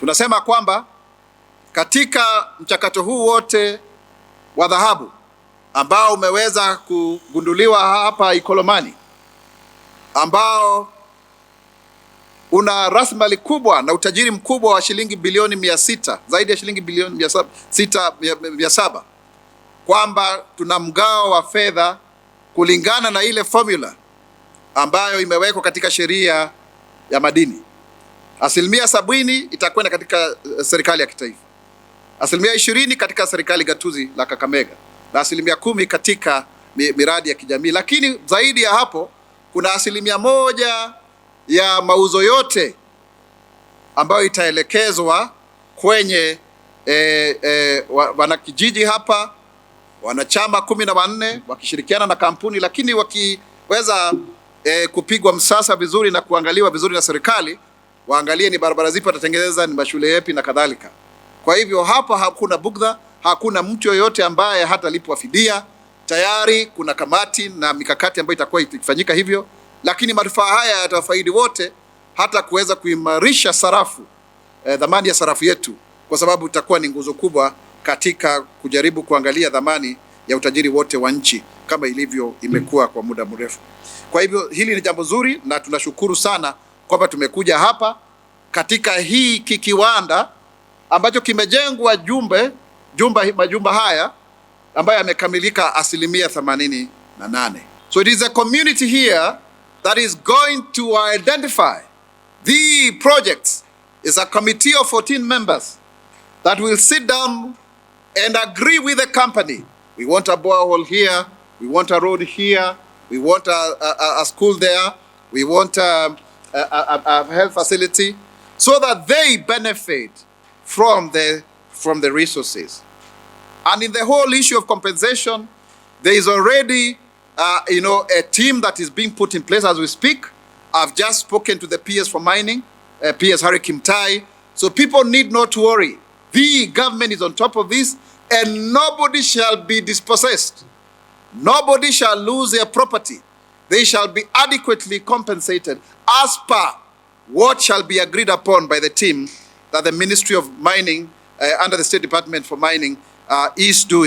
Tunasema kwamba katika mchakato huu wote wa dhahabu ambao umeweza kugunduliwa hapa Ikolomani, ambao una rasilimali kubwa na utajiri mkubwa wa shilingi bilioni mia sita zaidi ya shilingi bilioni mia sita mia saba kwamba tuna mgao wa fedha kulingana na ile formula ambayo imewekwa katika sheria ya madini asilimia sabini itakwenda katika eh, serikali ya kitaifa, asilimia ishirini katika serikali gatuzi la Kakamega na asilimia kumi katika miradi ya kijamii. Lakini zaidi ya hapo kuna asilimia moja ya mauzo yote ambayo itaelekezwa kwenye e, e, wanakijiji hapa, wanachama kumi na wanne wakishirikiana na kampuni, lakini wakiweza e, kupigwa msasa vizuri na kuangaliwa vizuri na serikali waangalie ni barabara zipi watatengeneza, ni mashule yapi na kadhalika. Kwa hivyo hapa hakuna bugdha, hakuna mtu yoyote ambaye hatalipwa fidia. Tayari kuna kamati na mikakati ambayo itakuwa ikifanyika hivyo, lakini manufaa haya yatawafaidi wote, hata kuweza kuimarisha sarafu eh, dhamani ya sarafu yetu, kwa sababu itakuwa ni nguzo kubwa katika kujaribu kuangalia dhamani ya utajiri wote wa nchi kama ilivyo imekuwa kwa muda mrefu. Kwa hivyo hili ni jambo zuri na tunashukuru sana kwamba tumekuja hapa katika hii kikiwanda ambacho kimejengwa jumbe jumba majumba haya ambayo yamekamilika asilimia 88. So it is a community here that is going to identify the projects. is a committee of 14 members that will sit down and agree with the company. We want a borehole here, we want a road here, we want a, a, a school there, we want a, um, a, uh, a, uh, uh, health facility so that they benefit from the, from the resources. And in the whole issue of compensation, there is already uh, you know, a team that is being put in place as we speak. I've just spoken to the PS for mining, uh, PS Harry Kim tai So people need not worry. The government is on top of this, and nobody shall be dispossessed. Nobody shall lose their property. They shall be adequately compensated as per what shall be agreed upon by the team that the Ministry of Mining uh, under the State Department for Mining uh, is doing.